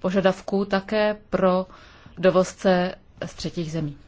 požadavků také pro dovozce z třetích zemí.